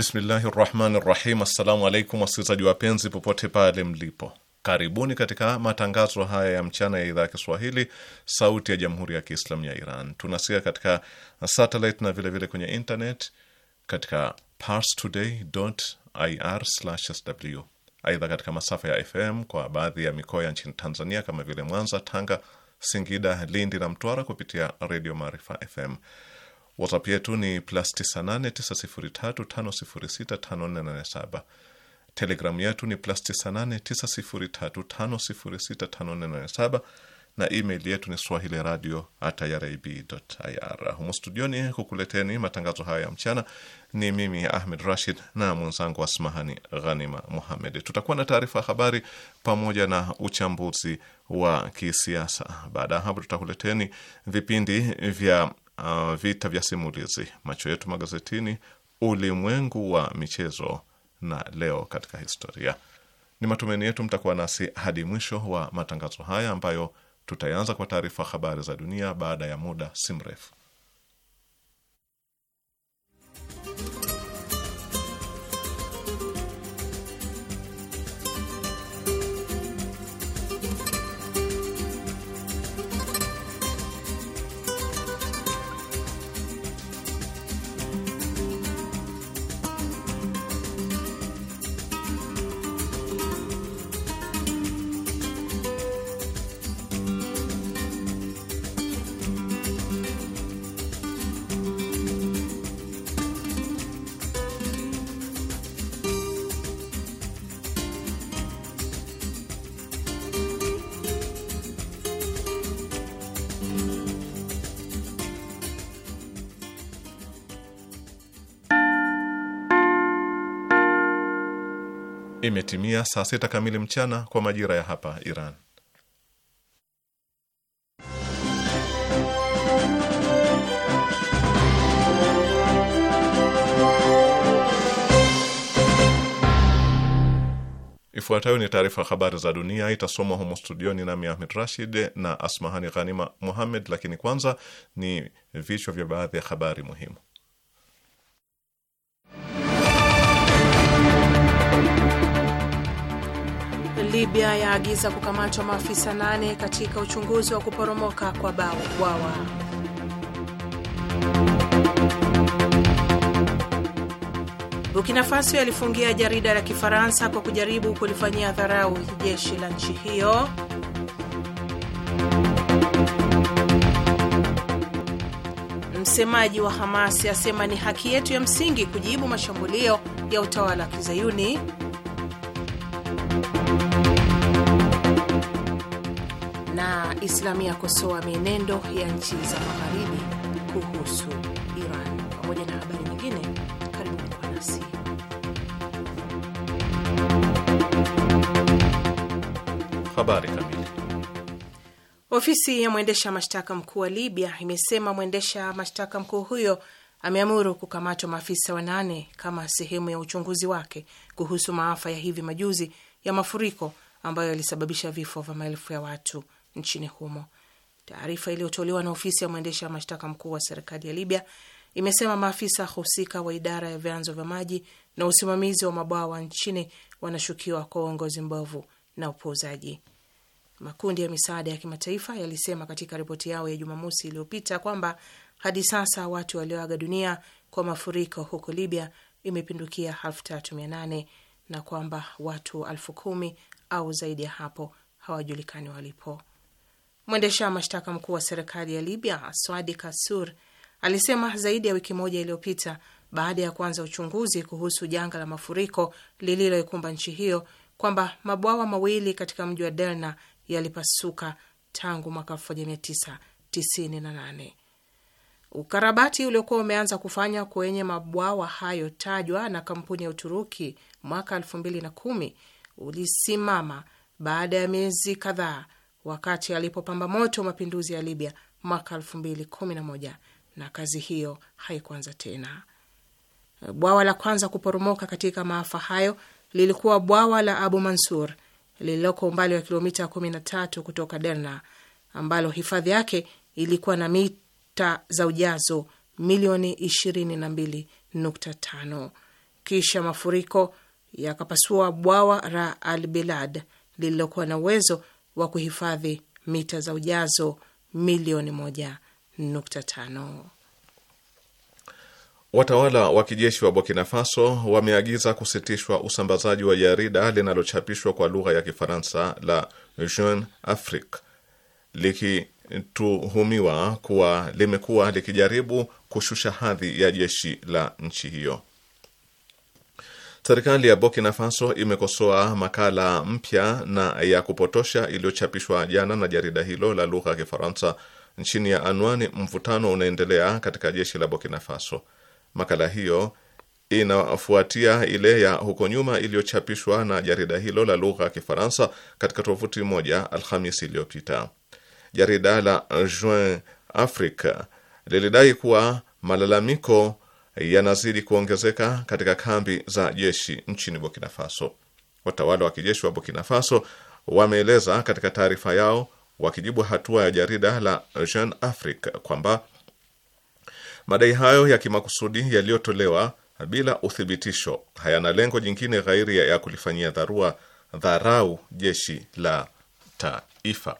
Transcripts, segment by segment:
Bismillahi rahmani rahim. Assalamu alaikum wasikilizaji wapenzi popote pale mlipo, karibuni katika matangazo haya ya mchana ya idhaa ya Kiswahili sauti ya jamhuri ya Kiislamu ya Iran. Tunasikia katika satelit na vilevile vile kwenye internet katika parstoday.ir/sw. Aidha, katika masafa ya FM kwa baadhi ya mikoa ya nchini Tanzania kama vile Mwanza, Tanga, Singida, Lindi na Mtwara kupitia redio Maarifa FM. WhatsApp yetu ni plus 989035065487. Telegramu yetu ni plus 989035065487 na email yetu ni swahili radio at irib.ir. Humo studioni kukuleteni matangazo haya ya mchana ni mimi Ahmed Rashid na mwenzangu Asmahani Ghanima Muhamed. Tutakuwa na taarifa ya habari pamoja na uchambuzi wa kisiasa. Baada ya hapo, tutakuleteni vipindi vya uh, vita vya simulizi, macho yetu magazetini, ulimwengu wa michezo na leo katika historia. Ni matumaini yetu mtakuwa nasi hadi mwisho wa matangazo haya ambayo tutaanza kwa taarifa habari za dunia baada ya muda si mrefu. imetimia saa sita kamili mchana kwa majira ya hapa Iran. Ifuatayo ni taarifa habari za dunia, itasomwa humo studioni nami Ahmed Rashid na Asmahani Ghanima Muhammed, lakini kwanza ni vichwa vya baadhi ya habari muhimu. Libya yaagiza kukamatwa maafisa nane katika uchunguzi wa kuporomoka kwa bwawa. Burkina Faso yalifungia jarida la Kifaransa kwa kujaribu kulifanyia dharau jeshi la nchi hiyo. Msemaji wa Hamas asema ni haki yetu ya msingi kujibu mashambulio ya utawala wa Kizayuni na Islamia yakosoa mienendo ya nchi za magharibi kuhusu Iran pamoja na habari nyingine. Karibuni kwa nasi habari kamili. Ofisi ya mwendesha mashtaka mkuu wa Libya imesema mwendesha mashtaka mkuu huyo ameamuru kukamatwa maafisa wanane kama sehemu ya uchunguzi wake kuhusu maafa ya hivi majuzi ya mafuriko ambayo yalisababisha vifo vya maelfu ya watu nchini humo. Taarifa iliyotolewa na ofisi ya mwendesha mashtaka mkuu wa serikali ya Libya imesema maafisa husika wa idara ya vyanzo vya maji na usimamizi wa mabwawa nchini wanashukiwa kwa uongozi mbovu na upuuzaji. Makundi ya misaada ya kimataifa yalisema katika ripoti yao ya Jumamosi iliyopita kwamba hadi sasa watu walioaga dunia kwa mafuriko huko Libya imepindukia elfu na kwamba watu elfu kumi au zaidi ya hapo hawajulikani walipo. Mwendesha mashtaka mkuu wa serikali ya Libya Swadi Kasur alisema zaidi ya wiki moja iliyopita baada ya kuanza uchunguzi kuhusu janga la mafuriko lililoikumba nchi hiyo kwamba mabwawa mawili katika mji wa Derna yalipasuka tangu mwaka 1998. Ukarabati uliokuwa umeanza kufanya kwenye mabwawa hayo tajwa na kampuni ya Uturuki mwaka 2010 ulisimama baada ya miezi kadhaa wakati alipopamba moto mapinduzi ya Libya mwaka elfu mbili kumi na moja na kazi hiyo haikuanza tena. Bwawa la kwanza kuporomoka katika maafa hayo lilikuwa bwawa la Abu Mansur lililoko umbali wa kilomita 13 kutoka Derna, ambalo hifadhi yake ilikuwa na mita za ujazo milioni 22.5. Kisha mafuriko yakapasua bwawa la Al Bilad lililokuwa na uwezo wa kuhifadhi mita za ujazo milioni moja nukta tano. Watawala wa kijeshi wa Burkina Faso wameagiza kusitishwa usambazaji wa jarida linalochapishwa kwa lugha ya Kifaransa la Jeune Afrique likituhumiwa kuwa limekuwa likijaribu kushusha hadhi ya jeshi la nchi hiyo. Serikali ya Burkina Faso imekosoa makala mpya na ya kupotosha iliyochapishwa jana na jarida hilo la lugha ya Kifaransa chini ya anwani mvutano unaendelea katika jeshi la Burkina Faso. Makala hiyo inafuatia ile ya huko nyuma iliyochapishwa na jarida hilo la lugha ya Kifaransa katika tovuti moja Alhamisi iliyopita. Jarida la Jeune Afrique lilidai kuwa malalamiko yanazidi kuongezeka katika kambi za jeshi nchini Burkina Faso. Watawala wa kijeshi wa Burkina Faso wameeleza katika taarifa yao wakijibu hatua ya jarida la Jeune Afrique kwamba madai hayo ya kimakusudi yaliyotolewa bila uthibitisho hayana lengo jingine ghairi ya kulifanyia dharua dharau jeshi la taifa.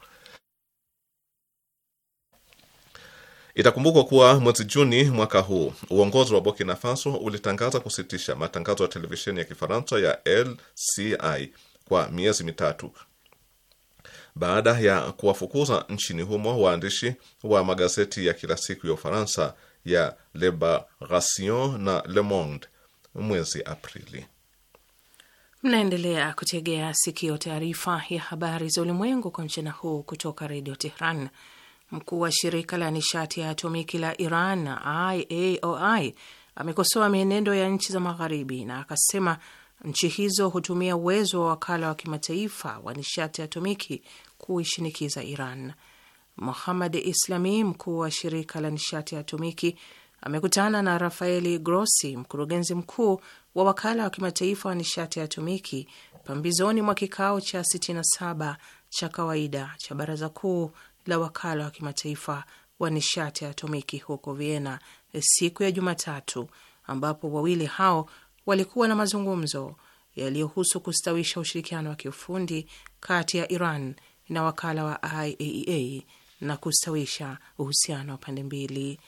Itakumbukwa kuwa mwezi Juni mwaka huu uongozi wa Burkina Faso ulitangaza kusitisha matangazo ya televisheni ya Kifaransa ya LCI kwa miezi mitatu baada ya kuwafukuza nchini humo waandishi wa magazeti ya kila siku ya Ufaransa ya Liberation na Le Monde mwezi Aprili. Mnaendelea kutegea sikio taarifa ya habari za ulimwengu kwa mchana huu kutoka Redio Tehran. Mkuu wa shirika la nishati ya atomiki la Iran IAOI amekosoa mienendo ya nchi za Magharibi na akasema nchi hizo hutumia uwezo wa wakala wa kimataifa wa nishati ya atomiki kuishinikiza Iran. Muhamad Islami, mkuu wa shirika la nishati ya atomiki, amekutana na Rafaeli Grossi, mkurugenzi mkuu wa wakala wa kimataifa wa nishati ya atomiki, pambizoni mwa kikao cha 67 cha kawaida cha baraza kuu la wakala wa kimataifa wa nishati ya atomiki huko Vienna siku ya Jumatatu, ambapo wawili hao walikuwa na mazungumzo yaliyohusu kustawisha ushirikiano wa kiufundi kati ya Iran na wakala wa IAEA e na kustawisha uhusiano wa pande mbili.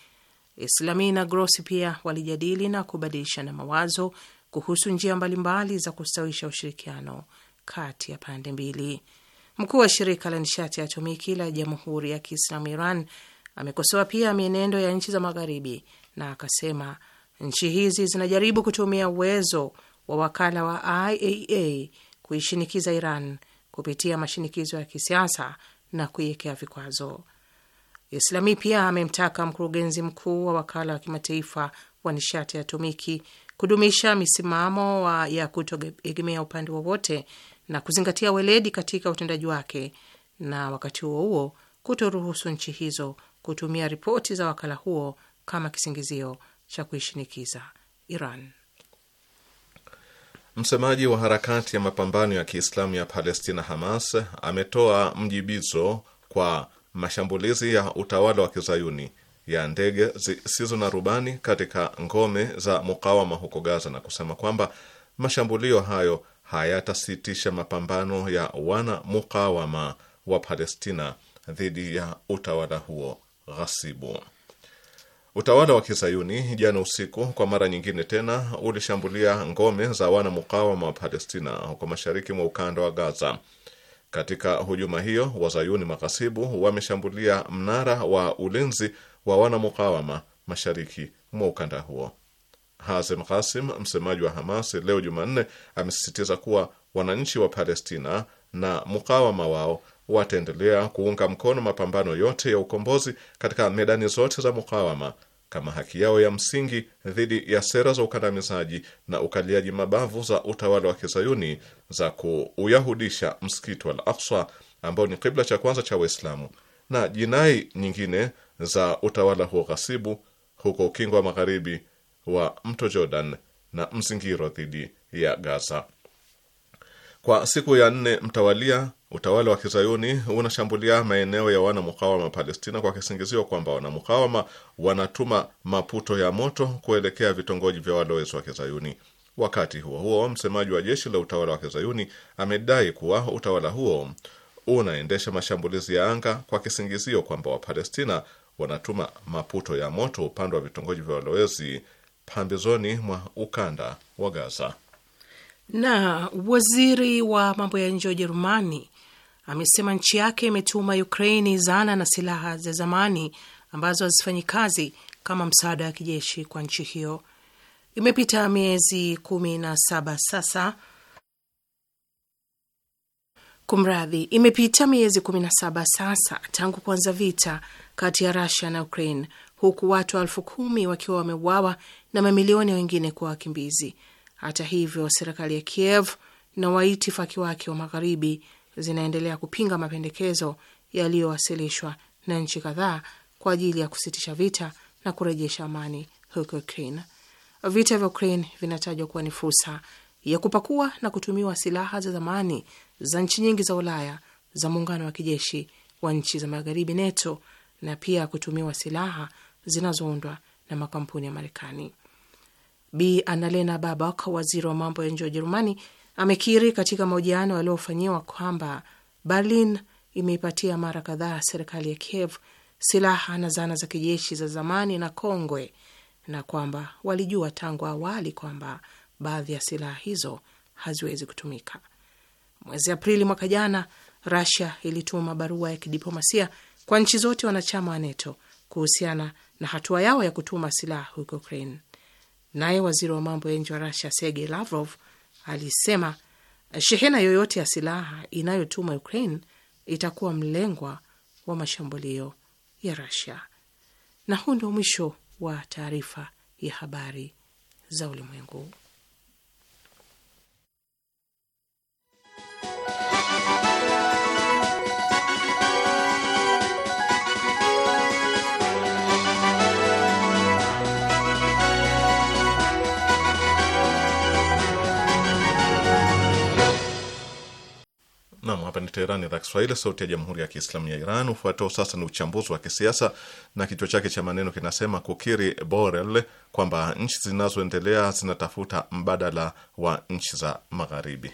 islami na Grossi pia walijadili na kubadilishana mawazo kuhusu njia mbalimbali za kustawisha ushirikiano kati ya pande mbili. Mkuu wa shirika la nishati ya atomiki la Jamhuri ya Kiislamu Iran amekosoa pia mienendo ya nchi za Magharibi na akasema nchi hizi zinajaribu kutumia uwezo wa wakala wa IAEA kuishinikiza Iran kupitia mashinikizo ya kisiasa na kuiwekea vikwazo. Islami pia amemtaka mkurugenzi mkuu wa wakala wa kimataifa wa nishati ya atomiki kudumisha misimamo ya kutoegemea upande wowote na kuzingatia weledi katika utendaji wake, na wakati huo huo kutoruhusu nchi hizo kutumia ripoti za wakala huo kama kisingizio cha kuishinikiza Iran. Msemaji wa harakati ya mapambano ya Kiislamu ya Palestina Hamas ametoa mjibizo kwa mashambulizi ya utawala wa kizayuni ya ndege zisizo na rubani katika ngome za mukawama huko Gaza na kusema kwamba mashambulio hayo hayatasitisha mapambano ya wana mukawama wa Palestina dhidi ya utawala huo ghasibu. Utawala wa Kizayuni jana usiku kwa mara nyingine tena ulishambulia ngome za wana mukawama wa Palestina huko mashariki mwa ukanda wa Gaza. Katika hujuma hiyo, wazayuni maghasibu wameshambulia mnara wa ulinzi wa wana mukawama mashariki mwa ukanda huo. Hazem Ghasim, msemaji wa Hamas, leo Jumanne amesisitiza kuwa wananchi wa Palestina na mukawama wao wataendelea kuunga mkono mapambano yote ya ukombozi katika medani zote za mukawama kama haki yao ya msingi dhidi ya sera za ukandamizaji na ukaliaji mabavu za utawala wa kizayuni za kuuyahudisha msikiti wa Al-Aqsa ambao ni kibla cha kwanza cha Waislamu na jinai nyingine za utawala huo ghasibu huko ukingo wa magharibi wa mto Jordan na mzingiro dhidi ya Gaza. Kwa siku ya nne mtawalia, utawala wa kizayuni unashambulia maeneo ya wanamukawama Palestina kwa kisingizio kwamba wanamukawama wanatuma maputo ya moto kuelekea vitongoji vya walowezi wa kizayuni. Wakati huo huo, msemaji wa jeshi la utawala wa kizayuni amedai kuwa utawala huo unaendesha mashambulizi ya anga kwa kisingizio kwamba Wapalestina wanatuma maputo ya moto upande wa vitongoji vya walowezi pambezoni mwa ukanda wa Gaza. Na waziri wa mambo ya nje wa Ujerumani amesema nchi yake imetuma Ukraini zana na silaha za zamani ambazo hazifanyi kazi kama msaada wa kijeshi kwa nchi hiyo. Imepita miezi kumi na saba sasa Kumradhi, imepita miezi kumi na saba sasa tangu kuanza vita kati ya Rusia na Ukraine, huku watu elfu kumi wakiwa wameuawa na mamilioni wengine kuwa wakimbizi. Hata hivyo, serikali ya Kiev na waitifaki wake wa magharibi zinaendelea kupinga mapendekezo yaliyowasilishwa na nchi kadhaa kwa ajili ya kusitisha vita na kurejesha amani huko Ukraine. Vita vya Ukraine vinatajwa kuwa ni fursa ya kupakua na kutumiwa silaha za zamani za nchi nyingi za Ulaya za muungano wa kijeshi wa nchi za magharibi NATO, na pia kutumiwa silaha zinazoundwa na makampuni ya Marekani. Bi Annalena Baerbock, waziri wa mambo ya nje wa Ujerumani, amekiri katika mahojiano yaliyofanyiwa kwamba Berlin imeipatia mara kadhaa serikali ya Kiev silaha na zana za kijeshi za zamani na kongwe na kwamba walijua tangu awali kwamba baadhi ya silaha hizo haziwezi kutumika. Mwezi Aprili mwaka jana, rasia ilituma barua ya kidiplomasia kwa nchi zote wanachama wa NATO kuhusiana na hatua yao ya kutuma silaha huko Ukraine. Naye waziri wa mambo ya nje wa Rusia sergey Lavrov alisema shehena yoyote ya silaha inayotuma Ukraine itakuwa mlengwa wa mashambulio ya Rusia. Na huu ndio mwisho wa taarifa ya habari za ulimwengu. Nam, hapa ni Teherani, idhaa Kiswahili, sauti ya jamhuri ya kiislamu ya Iran. Hufuatao sasa ni uchambuzi wa kisiasa na kichwa chake cha maneno kinasema kukiri Borel kwamba nchi zinazoendelea zinatafuta mbadala wa nchi za Magharibi.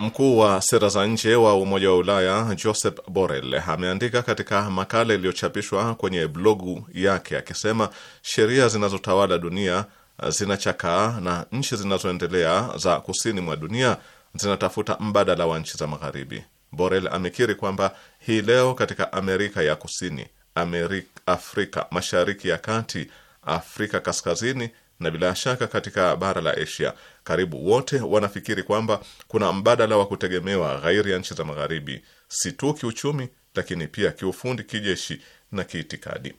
Mkuu wa sera za nje wa Umoja wa Ulaya Josep Borrell ameandika katika makala iliyochapishwa kwenye blogu yake akisema sheria zinazotawala dunia zinachakaa na nchi zinazoendelea za kusini mwa dunia zinatafuta mbadala wa nchi za magharibi. Borrell amekiri kwamba hii leo katika Amerika ya Kusini, Amerika, Afrika Mashariki ya Kati, Afrika Kaskazini na bila shaka katika bara la Asia karibu wote wanafikiri kwamba kuna mbadala wa kutegemewa ghairi ya nchi za Magharibi, si tu kiuchumi, lakini pia kiufundi, kijeshi na kiitikadi.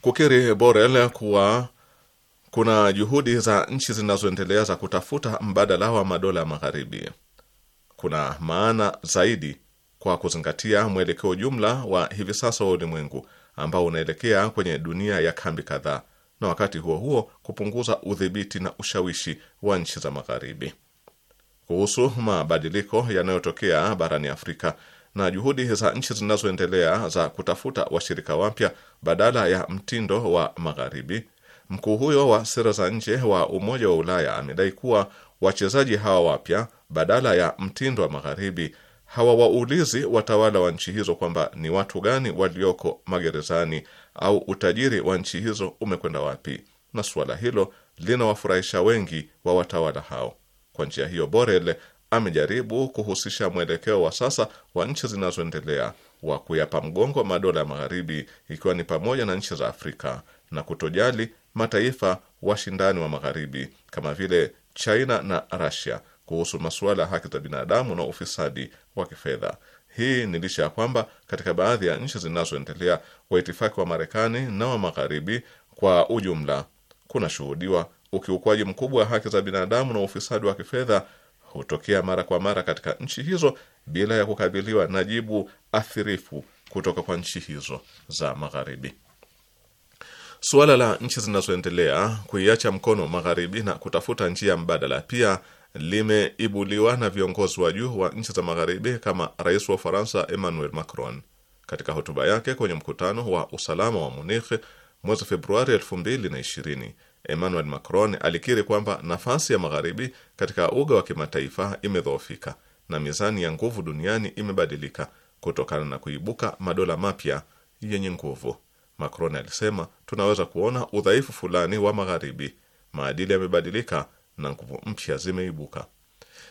Kukiri Borel kuwa kuna juhudi za nchi zinazoendelea za kutafuta mbadala wa madola ya Magharibi kuna maana zaidi kwa kuzingatia mwelekeo jumla wa hivi sasa wa ulimwengu ambao unaelekea kwenye dunia ya kambi kadhaa na wakati huo huo kupunguza udhibiti na ushawishi wa nchi za Magharibi. Kuhusu mabadiliko yanayotokea barani Afrika na juhudi za nchi zinazoendelea za kutafuta washirika wapya badala ya mtindo wa Magharibi, mkuu huyo wa sera za nje wa Umoja wa Ulaya amedai kuwa wachezaji hawa wapya badala ya mtindo wa Magharibi hawawaulizi watawala wa nchi hizo kwamba ni watu gani walioko magerezani au utajiri wa nchi hizo umekwenda wapi, na suala hilo linawafurahisha wengi wa watawala hao. Kwa njia hiyo, Borel amejaribu kuhusisha mwelekeo wa sasa wa nchi zinazoendelea wa kuyapa mgongo madola ya Magharibi, ikiwa ni pamoja na nchi za Afrika na kutojali mataifa washindani wa Magharibi kama vile China na Russia kuhusu masuala ya haki za binadamu na ufisadi wa kifedha. Hii ni licha ya kwamba katika baadhi ya nchi zinazoendelea kwa itifaki wa Marekani na wa Magharibi kwa ujumla kunashuhudiwa ukiukwaji mkubwa wa haki za binadamu na ufisadi wa kifedha hutokea mara kwa mara katika nchi hizo bila ya kukabiliwa na jibu athirifu kutoka kwa nchi hizo za Magharibi. Suala la nchi zinazoendelea kuiacha mkono Magharibi na kutafuta njia mbadala pia limeibuliwa na viongozi wa juu wa nchi za magharibi kama rais wa Ufaransa Emmanuel Macron katika hotuba yake kwenye mkutano wa usalama wa Munich mwezi Februari 2020. Emmanuel Macron alikiri kwamba nafasi ya magharibi katika uga wa kimataifa imedhoofika na mizani ya nguvu duniani imebadilika kutokana na kuibuka madola mapya yenye nguvu. Macron alisema tunaweza kuona udhaifu fulani wa magharibi, maadili yamebadilika na nguvu mpya zimeibuka.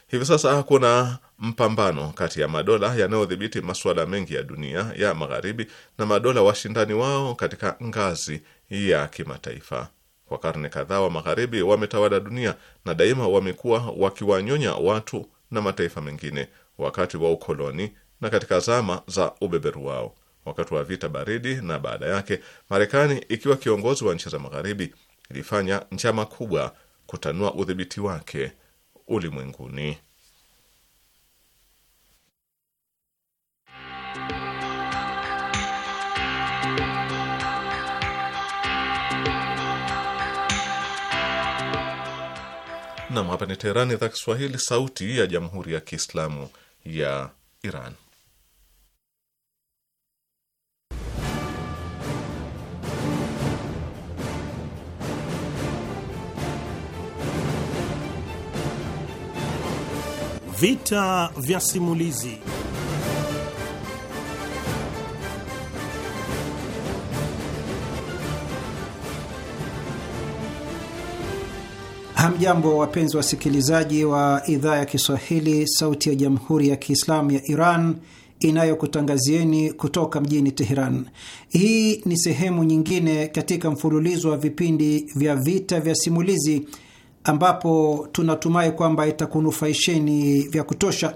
Hivi sasa kuna mpambano kati ya madola yanayodhibiti masuala mengi ya dunia ya magharibi na madola washindani wao katika ngazi ya kimataifa. Kwa karne kadhaa wa magharibi wametawala dunia na daima wamekuwa wakiwanyonya watu na mataifa mengine wakati wa ukoloni na katika zama za ubeberu wao. Wakati wa vita baridi na baada yake, Marekani ikiwa kiongozi wa nchi za magharibi ilifanya njama kubwa kutanua udhibiti wake ulimwenguni. Nam, hapa ni Teherani, idhaa Kiswahili, sauti ya jamhuri ya kiislamu ya Iran. Vita vya simulizi. Hamjambo, wapenzi wasikilizaji wa idhaa ya Kiswahili, sauti ya jamhuri ya kiislamu ya Iran inayokutangazieni kutoka mjini Teheran. Hii ni sehemu nyingine katika mfululizo wa vipindi vya vita vya simulizi ambapo tunatumai kwamba itakunufaisheni vya kutosha.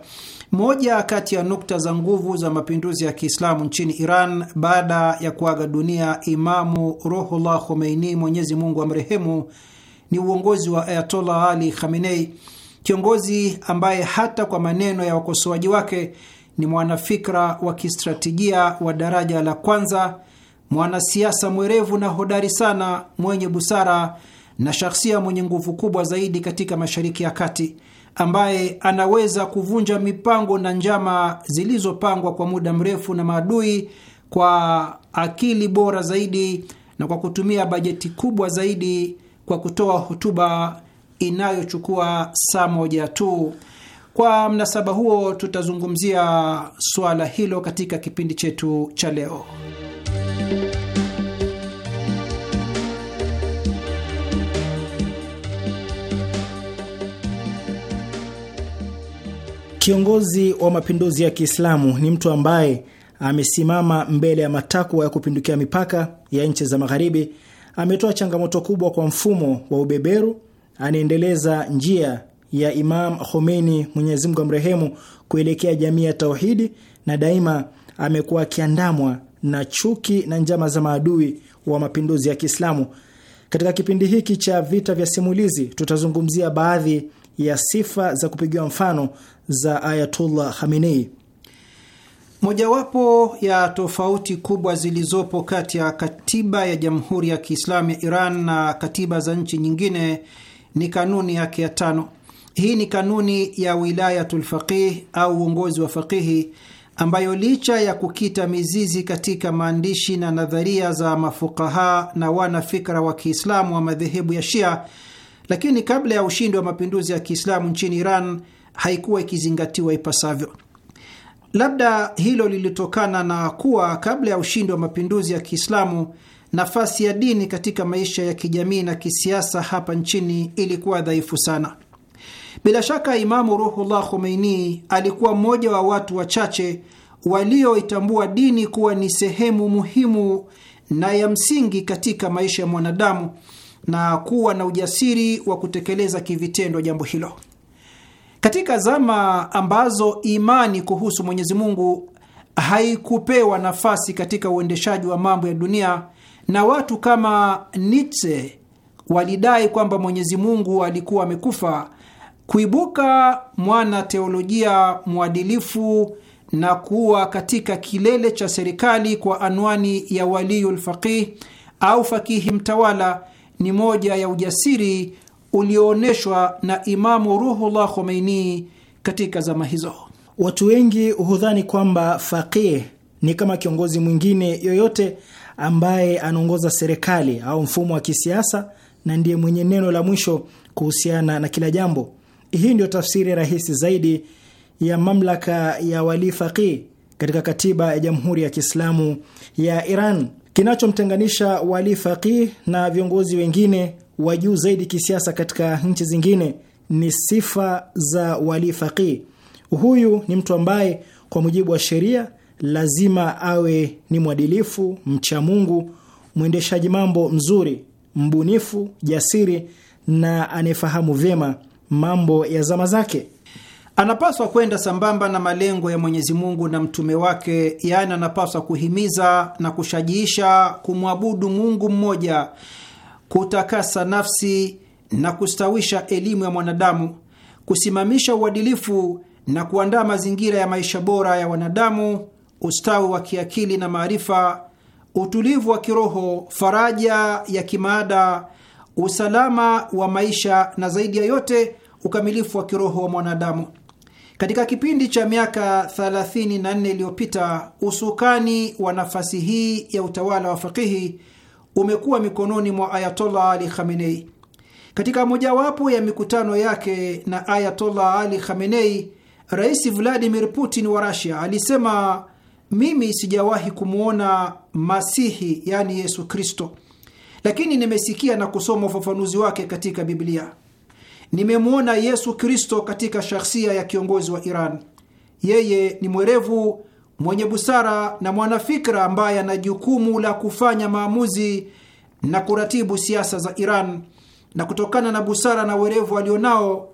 Moja kati ya nukta za nguvu za mapinduzi ya Kiislamu nchini Iran baada ya kuaga dunia Imamu Ruhullah Khomeini, Mwenyezi Mungu amrehemu, ni uongozi wa Ayatollah Ali Khamenei, kiongozi ambaye hata kwa maneno ya wakosoaji wake ni mwanafikra wa kistratejia wa daraja la kwanza, mwanasiasa mwerevu na hodari sana, mwenye busara na shahsia mwenye nguvu kubwa zaidi katika Mashariki ya Kati ambaye anaweza kuvunja mipango na njama zilizopangwa kwa muda mrefu na maadui kwa akili bora zaidi na kwa kutumia bajeti kubwa zaidi kwa kutoa hotuba inayochukua saa moja tu. Kwa mnasaba huo tutazungumzia suala hilo katika kipindi chetu cha leo. Kiongozi wa mapinduzi ya Kiislamu ni mtu ambaye amesimama mbele ya matakwa ya kupindukia mipaka ya nchi za Magharibi, ametoa changamoto kubwa kwa mfumo wa ubeberu, anaendeleza njia ya Imam Khomeini, Mwenyezi Mungu amrehemu, kuelekea jamii ya tauhidi, na daima amekuwa akiandamwa na chuki na njama za maadui wa mapinduzi ya Kiislamu. Katika kipindi hiki cha vita vya simulizi tutazungumzia baadhi ya sifa za kupigiwa mfano za Ayatullah Khamenei. Mojawapo ya tofauti kubwa zilizopo kati ya katiba ya Jamhuri ya Kiislamu ya Iran na katiba za nchi nyingine ni kanuni yake ya tano. Hii ni kanuni ya wilayatul faqih au uongozi wa faqihi ambayo licha ya kukita mizizi katika maandishi na nadharia za mafukaha na wanafikra wa Kiislamu wa madhehebu ya Shia lakini kabla ya ushindi wa mapinduzi ya Kiislamu nchini Iran haikuwa ikizingatiwa ipasavyo. Labda hilo lilitokana na kuwa kabla ya ushindi wa mapinduzi ya Kiislamu, nafasi ya dini katika maisha ya kijamii na kisiasa hapa nchini ilikuwa dhaifu sana. Bila shaka Imamu Ruhullah Khomeini alikuwa mmoja wa watu wachache walioitambua dini kuwa ni sehemu muhimu na ya msingi katika maisha ya mwanadamu na kuwa na ujasiri wa kutekeleza kivitendo jambo hilo. Katika zama ambazo imani kuhusu Mwenyezi Mungu haikupewa nafasi katika uendeshaji wa mambo ya dunia na watu kama Nietzsche walidai kwamba Mwenyezi Mungu alikuwa amekufa, kuibuka mwana teolojia mwadilifu na kuwa katika kilele cha serikali kwa anwani ya waliyul faqih au fakihi mtawala ni moja ya ujasiri ulioonyeshwa na Imamu Ruhullah Khomeini katika zama hizo. Watu wengi hudhani kwamba faqih ni kama kiongozi mwingine yoyote ambaye anaongoza serikali au mfumo wa kisiasa na ndiye mwenye neno la mwisho kuhusiana na kila jambo. Hii ndiyo tafsiri rahisi zaidi ya mamlaka ya wali faqih katika katiba ya Jamhuri ya Kiislamu ya Iran. Kinachomtenganisha Wali Faqih na viongozi wengine wa juu zaidi kisiasa katika nchi zingine ni sifa za Wali Faqih. Huyu ni mtu ambaye kwa mujibu wa sheria lazima awe ni mwadilifu, mcha Mungu, mwendeshaji mambo mzuri, mbunifu, jasiri na anayefahamu vyema mambo ya zama zake anapaswa kwenda sambamba na malengo ya Mwenyezi Mungu na mtume wake, yaani anapaswa kuhimiza na kushajiisha kumwabudu Mungu mmoja, kutakasa nafsi na kustawisha elimu ya mwanadamu, kusimamisha uadilifu na kuandaa mazingira ya maisha bora ya wanadamu, ustawi wa kiakili na maarifa, utulivu wa kiroho, faraja ya kimaada, usalama wa maisha na zaidi ya yote ukamilifu wa kiroho wa mwanadamu. Katika kipindi cha miaka 34 iliyopita, usukani wa nafasi hii ya utawala wa fakihi umekuwa mikononi mwa Ayatollah Ali Khamenei. Katika mojawapo ya mikutano yake na Ayatollah Ali Khamenei, Rais Vladimir Putin wa Russia alisema, mimi sijawahi kumwona Masihi, yaani Yesu Kristo, lakini nimesikia na kusoma ufafanuzi wake katika Biblia. Nimemwona Yesu Kristo katika shahsia ya kiongozi wa Iran. Yeye ni mwerevu, mwenye busara na mwanafikra ambaye ana jukumu la kufanya maamuzi na kuratibu siasa za Iran, na kutokana na busara na werevu alionao,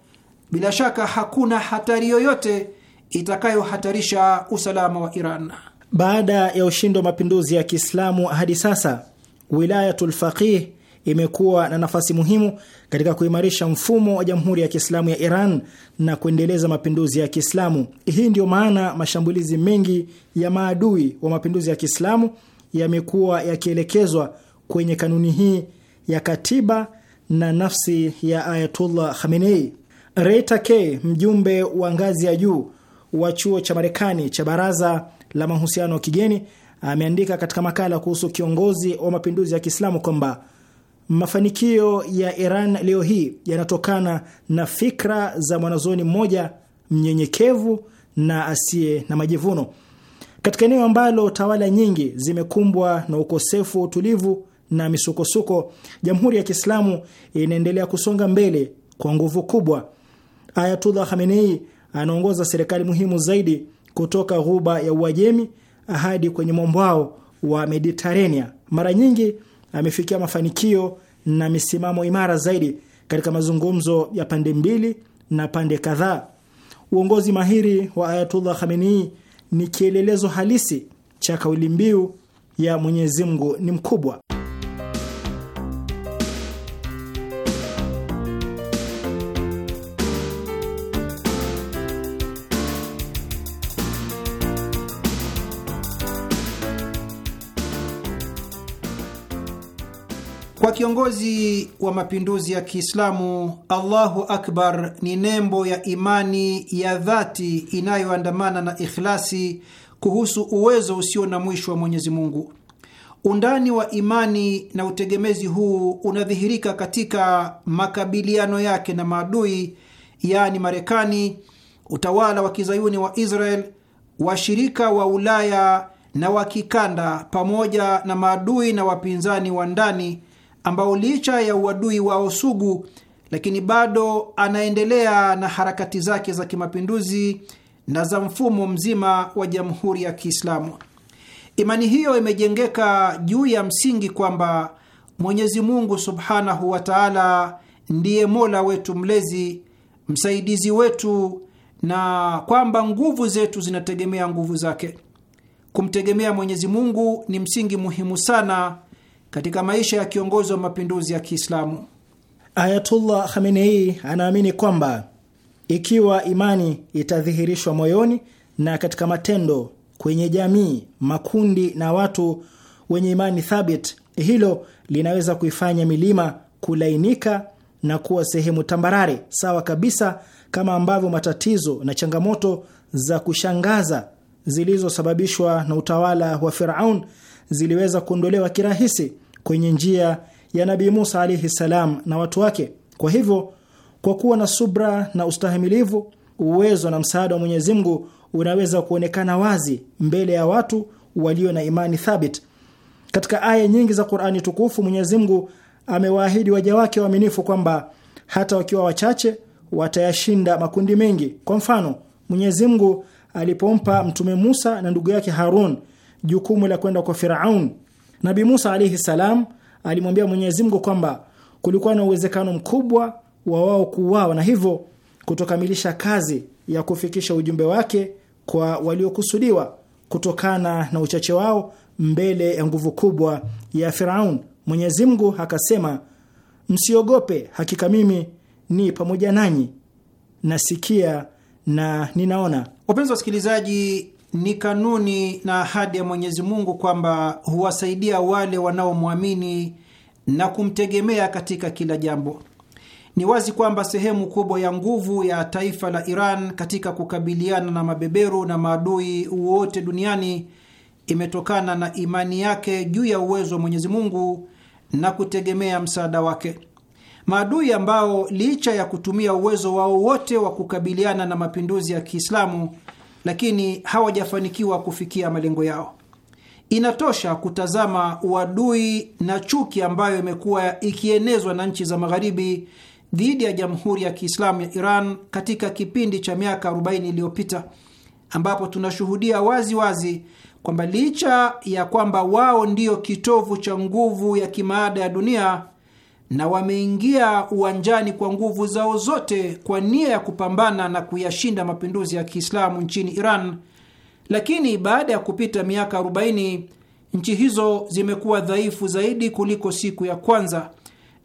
bila shaka hakuna hatari yoyote itakayohatarisha usalama wa Iran. Baada ya ushindi wa mapinduzi ya Kiislamu hadi sasa, Wilayatul Faqih imekuwa na nafasi muhimu katika kuimarisha mfumo wa Jamhuri ya Kiislamu ya Iran na kuendeleza mapinduzi ya Kiislamu. Hii ndiyo maana mashambulizi mengi ya maadui wa mapinduzi ya Kiislamu yamekuwa yakielekezwa kwenye kanuni hii ya katiba na nafsi ya Ayatullah Khamenei. Reta K, mjumbe wa ngazi ya juu wa chuo cha Marekani cha Baraza la Mahusiano ya Kigeni, ameandika katika makala kuhusu kiongozi wa mapinduzi ya Kiislamu kwamba Mafanikio ya Iran leo hii yanatokana na fikra za mwanazoni mmoja mnyenyekevu na asiye na majivuno, katika eneo ambalo tawala nyingi zimekumbwa na ukosefu wa utulivu na misukosuko. Jamhuri ya Kiislamu inaendelea kusonga mbele kwa nguvu kubwa. Ayatullah Khamenei anaongoza serikali muhimu zaidi kutoka ghuba ya Uajemi hadi kwenye mwambao wa Mediterania. Mara nyingi amefikia mafanikio na misimamo imara zaidi katika mazungumzo ya pande mbili na pande kadhaa. Uongozi mahiri wa Ayatullah Khamenei ni kielelezo halisi cha kauli mbiu ya Mwenyezi Mungu ni mkubwa. Kwa kiongozi wa mapinduzi ya Kiislamu, Allahu akbar ni nembo ya imani ya dhati inayoandamana na ikhlasi kuhusu uwezo usio na mwisho wa Mwenyezi Mungu. Undani wa imani na utegemezi huu unadhihirika katika makabiliano yake na maadui, yaani Marekani, utawala wa kizayuni wa Israel, washirika wa Ulaya na wa kikanda, pamoja na maadui na wapinzani wa ndani ambao licha ya uadui wao sugu, lakini bado anaendelea na harakati zake za kimapinduzi na za mfumo mzima wa Jamhuri ya Kiislamu. Imani hiyo imejengeka juu ya msingi kwamba Mwenyezi Mungu Subhanahu wa Ta'ala ndiye Mola wetu mlezi, msaidizi wetu na kwamba nguvu zetu zinategemea nguvu zake. Kumtegemea Mwenyezi Mungu ni msingi muhimu sana katika maisha ya kiongozi wa mapinduzi ya Kiislamu. Ayatullah Khamenei anaamini kwamba ikiwa imani itadhihirishwa moyoni na katika matendo kwenye jamii, makundi na watu wenye imani thabit, hilo linaweza kuifanya milima kulainika na kuwa sehemu tambarare, sawa kabisa kama ambavyo matatizo na changamoto za kushangaza zilizosababishwa na utawala wa Firaun ziliweza kuondolewa kirahisi kwenye njia ya Nabii Musa alaihi salam na watu wake. Kwa hivyo, kwa kuwa na subra na ustahimilivu, uwezo na msaada wa Mwenyezi Mungu unaweza kuonekana wazi mbele ya watu walio na imani thabit. Katika aya nyingi za Qur'ani tukufu, Mwenyezi Mungu amewaahidi waja wake waaminifu kwamba hata wakiwa wachache watayashinda makundi mengi. Kwa mfano, Mwenyezi Mungu alipompa Mtume Musa na ndugu yake Harun jukumu la kwenda kwa Firaun, Nabi Musa alaihi salam alimwambia Mwenyezi Mungu kwamba kulikuwa na uwezekano mkubwa wa wao kuuawa na hivyo kutokamilisha kazi ya kufikisha ujumbe wake kwa waliokusudiwa kutokana na uchache wao mbele ya nguvu kubwa ya Firaun. Mwenyezi Mungu akasema, msiogope, hakika mimi ni pamoja nanyi, nasikia na ninaona. Wapenzi wasikilizaji, ni kanuni na ahadi ya Mwenyezi Mungu kwamba huwasaidia wale wanaomwamini na kumtegemea katika kila jambo. Ni wazi kwamba sehemu kubwa ya nguvu ya taifa la Iran katika kukabiliana na mabeberu na maadui wote duniani imetokana na imani yake juu ya uwezo wa Mwenyezi Mungu na kutegemea msaada wake. Maadui ambao licha ya kutumia uwezo wao wote wa kukabiliana na mapinduzi ya Kiislamu lakini hawajafanikiwa kufikia malengo yao. Inatosha kutazama uadui na chuki ambayo imekuwa ikienezwa na nchi za magharibi dhidi ya Jamhuri ya Kiislamu ya Iran katika kipindi cha miaka 40 iliyopita, ambapo tunashuhudia wazi wazi kwamba licha ya kwamba wao ndiyo kitovu cha nguvu ya kimaada ya dunia na wameingia uwanjani kwa nguvu zao zote kwa nia ya kupambana na kuyashinda mapinduzi ya Kiislamu nchini Iran, lakini baada ya kupita miaka 40 nchi hizo zimekuwa dhaifu zaidi kuliko siku ya kwanza,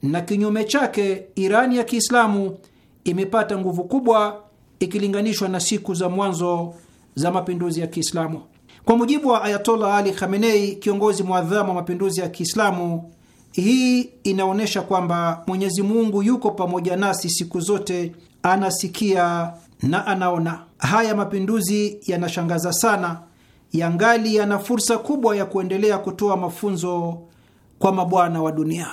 na kinyume chake Irani ya Kiislamu imepata nguvu kubwa ikilinganishwa na siku za mwanzo za mapinduzi ya Kiislamu. Kwa mujibu wa Ayatollah Ali Khamenei, kiongozi mwadhamu wa mapinduzi ya Kiislamu, hii inaonyesha kwamba Mwenyezi Mungu yuko pamoja nasi siku zote, anasikia na anaona. Haya mapinduzi yanashangaza sana, yangali yana fursa kubwa ya kuendelea kutoa mafunzo kwa mabwana wa dunia.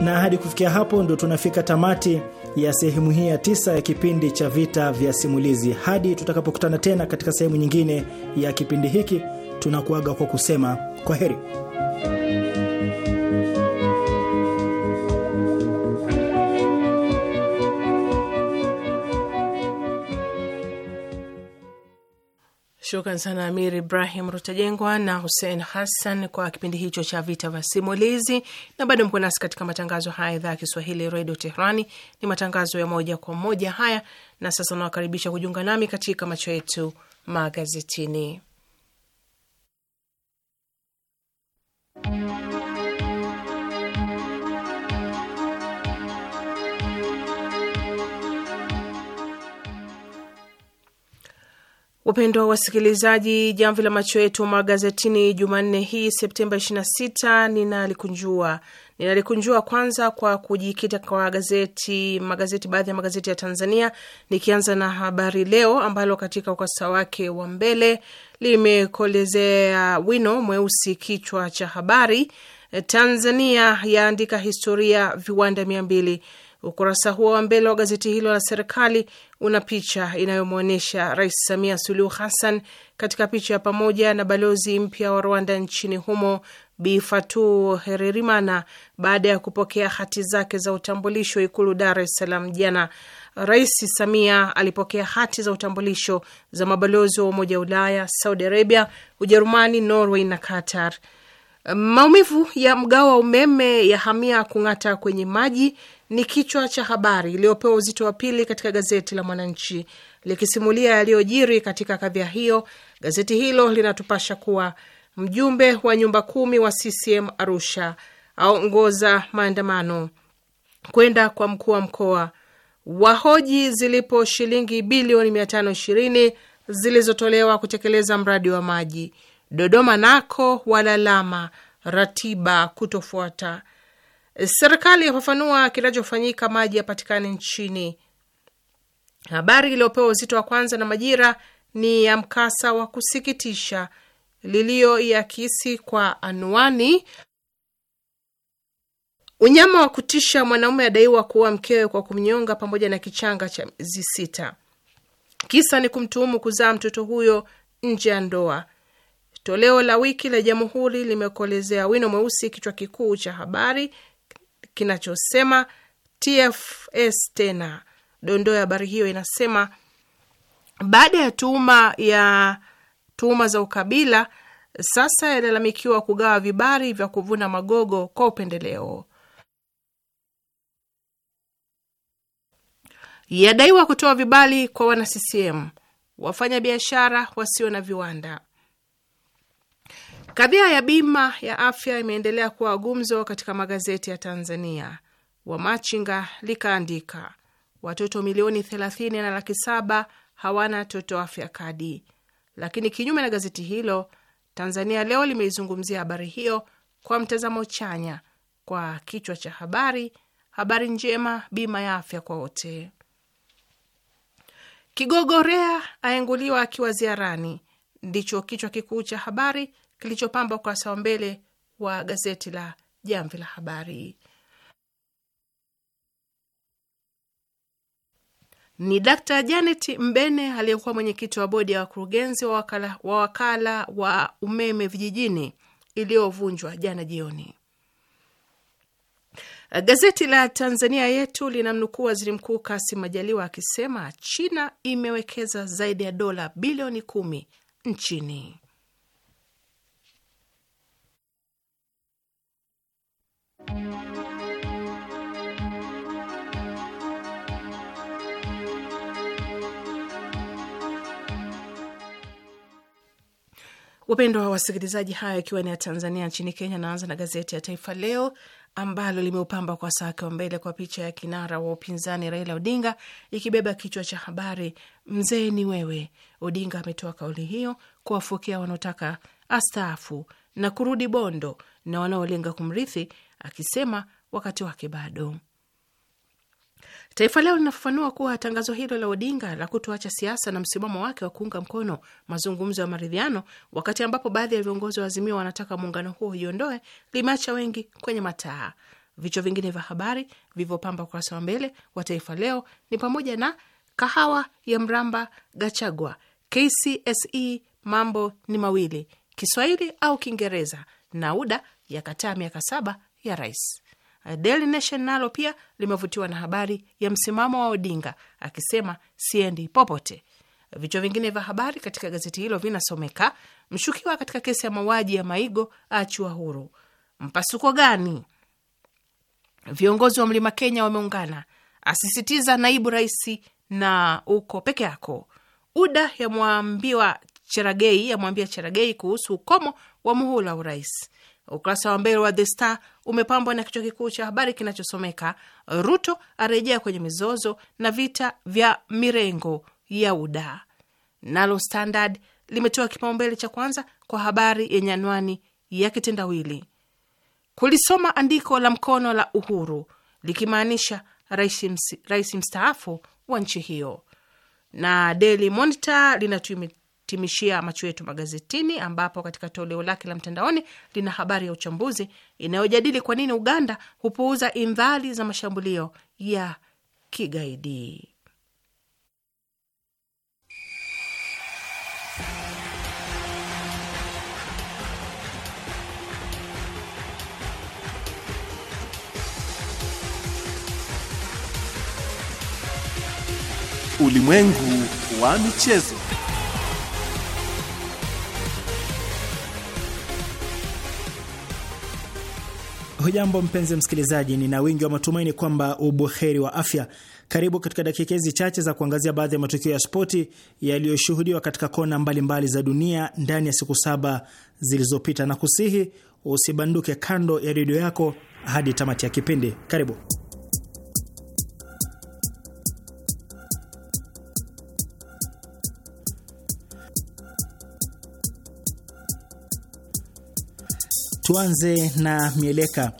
na hadi kufikia hapo ndio tunafika tamati ya sehemu hii ya tisa ya kipindi cha Vita vya Simulizi. Hadi tutakapokutana tena katika sehemu nyingine ya kipindi hiki, tunakuaga kwa kusema kwa heri. Shukran sana Amir Ibrahim Rutajengwa na Hussein Hassan kwa kipindi hicho cha vita vya simulizi. Na bado mko nasi katika matangazo haya idhaa ya Kiswahili redio Teherani, ni matangazo ya moja kwa moja haya. Na sasa nawakaribisha kujiunga nami katika macho yetu magazetini. Wapendwa wasikilizaji, jamvi la macho yetu magazetini Jumanne hii Septemba 26 ninalikunjua ninalikunjua kwanza kwa kujikita kwa gazeti magazeti baadhi ya magazeti ya Tanzania, nikianza na Habari Leo ambalo katika ukurasa wake wa mbele limekolezea wino mweusi kichwa cha habari, Tanzania yaandika historia viwanda mia mbili Ukurasa huo wa mbele wa gazeti hilo la serikali una picha inayomwonyesha Rais Samia Suluhu Hassan katika picha ya pamoja na balozi mpya wa Rwanda nchini humo Bi Fatou Hererimana baada ya kupokea hati zake za utambulisho Ikulu Dar es Salaam jana. Rais Samia alipokea hati za utambulisho za mabalozi wa Umoja wa Ulaya, Saudi Arabia, Ujerumani, Norway na Qatar. Maumivu ya mgao wa umeme ya hamia kung'ata kwenye maji ni kichwa cha habari iliyopewa uzito wa pili katika gazeti la Mwananchi, likisimulia yaliyojiri katika kadhia hiyo. Gazeti hilo linatupasha kuwa mjumbe wa nyumba kumi wa CCM Arusha aongoza maandamano kwenda kwa mkuu wa mkoa, wahoji zilipo shilingi bilioni 520 zilizotolewa kutekeleza mradi wa maji. Dodoma nako walalama ratiba kutofuata. Serikali yafafanua kinachofanyika maji yapatikane nchini. Habari iliyopewa uzito wa kwanza na Majira ni ya mkasa wa kusikitisha liliyoiakisi kwa anwani unyama wa kutisha, mwanaume adaiwa kuua mkewe kwa kumnyonga pamoja na kichanga cha miezi sita. Kisa ni kumtuhumu kuzaa mtoto huyo nje ya ndoa. Toleo la wiki la Jamhuri limekolezea wino mweusi kichwa kikuu cha habari kinachosema TFS tena. Dondoo ya habari hiyo inasema baada ya tuhuma ya tuhuma za ukabila sasa yalalamikiwa kugawa vibari vya kuvuna magogo kwa upendeleo. Yadaiwa kutoa vibali kwa wana CCM, wafanya biashara wasio na viwanda. Kadhia ya bima ya afya imeendelea kuwa gumzo katika magazeti ya Tanzania. Wamachinga likaandika watoto milioni thelathini na laki saba hawana toto afya kadi. Lakini kinyume na gazeti hilo, Tanzania Leo limeizungumzia habari hiyo kwa mtazamo chanya kwa kichwa cha habari, habari njema, bima ya afya kwa wote. Kigogorea aenguliwa akiwa ziarani, ndicho kichwa kikuu cha habari kilichopamba ukurasa wa mbele wa gazeti la Jamvi la Habari ni Dr Janet Mbene aliyekuwa mwenyekiti wa bodi ya wakurugenzi wa wakala wa, wakala wa umeme vijijini iliyovunjwa jana jioni. Gazeti la Tanzania Yetu linamnukuu waziri mkuu Kasim Majaliwa akisema China imewekeza zaidi ya dola bilioni kumi nchini. Upendo wa wasikilizaji, hayo ikiwa ni ya Tanzania. Nchini Kenya, naanza na gazeti ya Taifa Leo ambalo limeupamba kwa sake wa mbele kwa picha ya kinara wa upinzani Raila Odinga ikibeba kichwa cha habari, mzee ni wewe. Odinga ametoa kauli hiyo kuwafukia wanaotaka astaafu na kurudi Bondo na wanaolenga kumrithi akisema wakati wake bado. Taifa Leo linafafanua kuwa tangazo hilo la Odinga la kutoacha siasa na msimamo wake wa kuunga mkono mazungumzo ya maridhiano, wakati ambapo baadhi ya viongozi wa Azimio wanataka muungano huo iondoe limeacha wengi kwenye mataa. Vichwa vingine vya habari vilivyopamba ukurasa wa mbele wa Taifa Leo ni pamoja na kahawa ya mramba Gachagua, KCSE mambo ni mawili, Kiswahili au Kiingereza, Nauda yakataa miaka saba ya rais. Daily Nation nalo pia limevutiwa na habari ya msimamo wa Odinga akisema siendi popote. Vichwa vingine vya habari katika gazeti hilo vinasomeka: mshukiwa katika kesi ya mauaji ya Maigo achiwa huru, mpasuko gani? Viongozi wa mlima Kenya wameungana, asisitiza naibu rais, na uko peke yako. UDA yamwambiwa Cheragei, yamwambia Cheragei kuhusu ukomo wa muhula urais Ukurasa wa mbele wa The Star umepambwa na kichwa kikuu cha habari kinachosomeka Ruto arejea kwenye mizozo na vita vya mirengo ya UDA. Nalo Standard limetoa kipaumbele cha kwanza kwa habari yenye anwani ya kitendawili kulisoma andiko la mkono la Uhuru likimaanisha rais mstaafu wa nchi hiyo. Na Daily Monitor Timishia macho yetu magazetini ambapo katika toleo lake la mtandaoni lina habari ya uchambuzi inayojadili kwa nini Uganda hupuuza indhari za mashambulio ya kigaidi. Ulimwengu wa michezo. Hujambo mpenzi msikilizaji, nina wingi wa matumaini kwamba ubuheri wa afya. Karibu katika dakika hizi chache za kuangazia baadhi ya matukio ya spoti yaliyoshuhudiwa katika kona mbalimbali mbali za dunia ndani ya siku saba zilizopita, na kusihi usibanduke kando ya redio yako hadi tamati ya kipindi. Karibu. Tuanze na mieleka.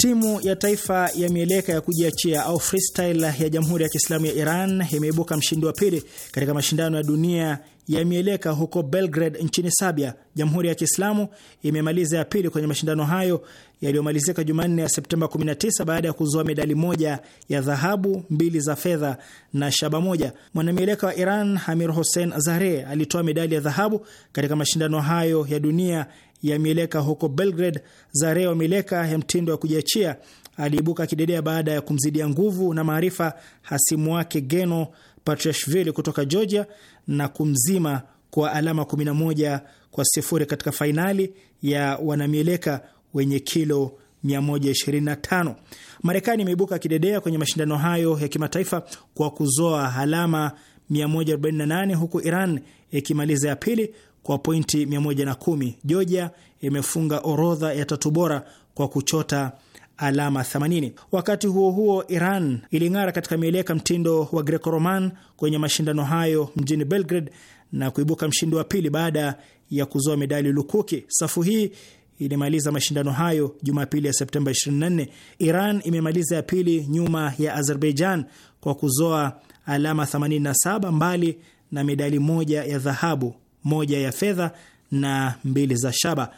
Timu ya taifa ya mieleka ya kujiachia au freestyle ya Jamhuri ya Kiislamu ya Iran imeibuka mshindi wa pili katika mashindano ya dunia ya mieleka huko Belgrade nchini Sabia. Jamhuri ya Kiislamu imemaliza ya pili kwenye mashindano hayo yaliyomalizika Jumanne ya Septemba 19 baada ya kuzoa medali moja ya dhahabu, mbili za fedha na shaba moja. Mwanamieleka wa Iran Amir Hossein Zahre alitoa medali ya dhahabu katika mashindano hayo ya dunia ya mieleka huko Belgrade, Zareo mieleka ya mtindo wa kujiachia aliibuka kidedea baada ya kumzidia nguvu na maarifa hasimu wake Geno Patrashvili kutoka Georgia na kumzima kwa alama 11 kwa sifuri katika fainali ya wanamieleka wenye kilo 125. Marekani imeibuka kidedea kwenye mashindano hayo ya kimataifa kwa kuzoa alama 148 huku Iran ikimaliza ya pili kwa pointi 110. Georgia imefunga orodha ya tatu bora kwa kuchota alama 80. Wakati huo huo, Iran iling'ara katika mieleka mtindo wa Greco-Roman kwenye mashindano hayo mjini Belgrade na kuibuka mshindi wa pili baada ya kuzoa medali lukuki. Safu hii ilimaliza mashindano hayo Jumapili ya Septemba 24. Iran imemaliza ya pili nyuma ya Azerbaijan kwa kuzoa alama 87 mbali na medali moja ya dhahabu moja ya fedha na mbili za shaba.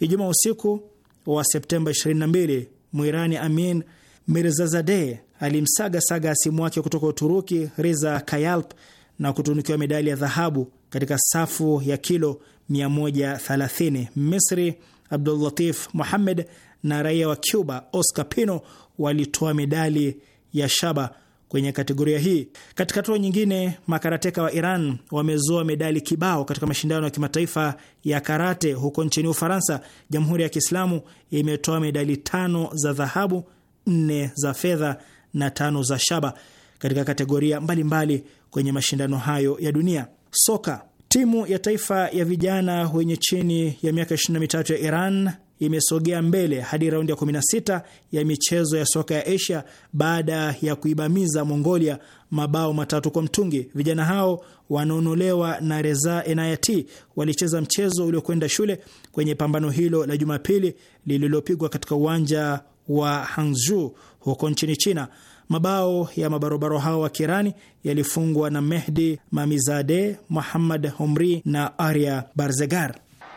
Ijumaa usiku wa Septemba 22 Mwirani Amin mirzazade alimsaga saga asimu wake kutoka Uturuki riza Kayalp na kutunukiwa medali ya dhahabu katika safu ya kilo 130. Misri Abdullatif muhamed na raia wa Cuba Oscar Pino walitoa medali ya shaba kwenye kategoria hii. Katika hatua nyingine, makarateka wa Iran wamezoa medali kibao katika mashindano ya kimataifa ya karate huko nchini Ufaransa. Jamhuri ya Kiislamu imetoa medali tano za dhahabu, nne za fedha na tano za shaba katika kategoria mbalimbali mbali kwenye mashindano hayo ya dunia. Soka, timu ya taifa ya vijana wenye chini ya miaka 23 ya Iran imesogea mbele hadi raundi ya 16 ya michezo ya soka ya Asia baada ya kuibamiza Mongolia mabao matatu kwa mtungi. Vijana hao wanaonolewa na Reza Enayati walicheza mchezo uliokwenda shule kwenye pambano hilo la Jumapili lililopigwa katika uwanja wa Hangzhou huko nchini China. Mabao ya mabarobaro hao wa Kirani yalifungwa na Mehdi Mamizade, Muhammad Homri na Arya Barzegar.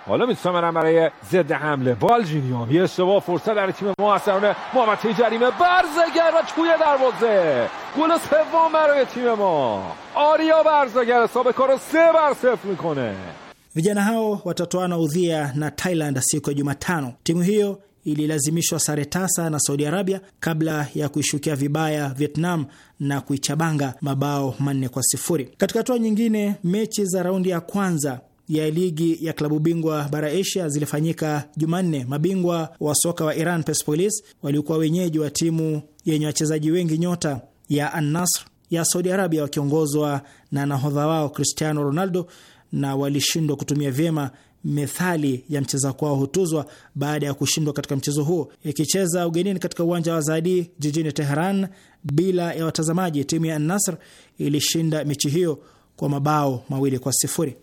حالا میتونم برم برای ضد حمله بالجینیان یه اشتباه فرصت در تیم ما اثرانه محمد جریمه برزگر و توی دروازه گل سوم برای تیم ما آریا برزگر سابقه کار سه بر صفر میکنه vijana hao watatoana udhia na Thailand siku ya Jumatano. Timu hiyo ililazimishwa sare tasa na Saudi Arabia kabla ya kuishukia vibaya Vietnam na kuichabanga mabao manne kwa sifuri. Katika hatua nyingine, mechi za raundi ya kwanza ya ligi ya klabu bingwa bara Asia zilifanyika Jumanne. Mabingwa wa soka wa Iran Persepolis waliokuwa wenyeji wa timu yenye wachezaji wengi nyota ya Annasr ya Saudi Arabia wakiongozwa na nahodha wao Cristiano Ronaldo, na walishindwa kutumia vyema methali ya mcheza kwao hutuzwa baada ya kushindwa katika mchezo huo. Ikicheza ugenini katika uwanja wa zadi jijini Teheran bila ya watazamaji, timu ya al ilishinda mechi hiyo kwa mabao mawili kwa sifuri.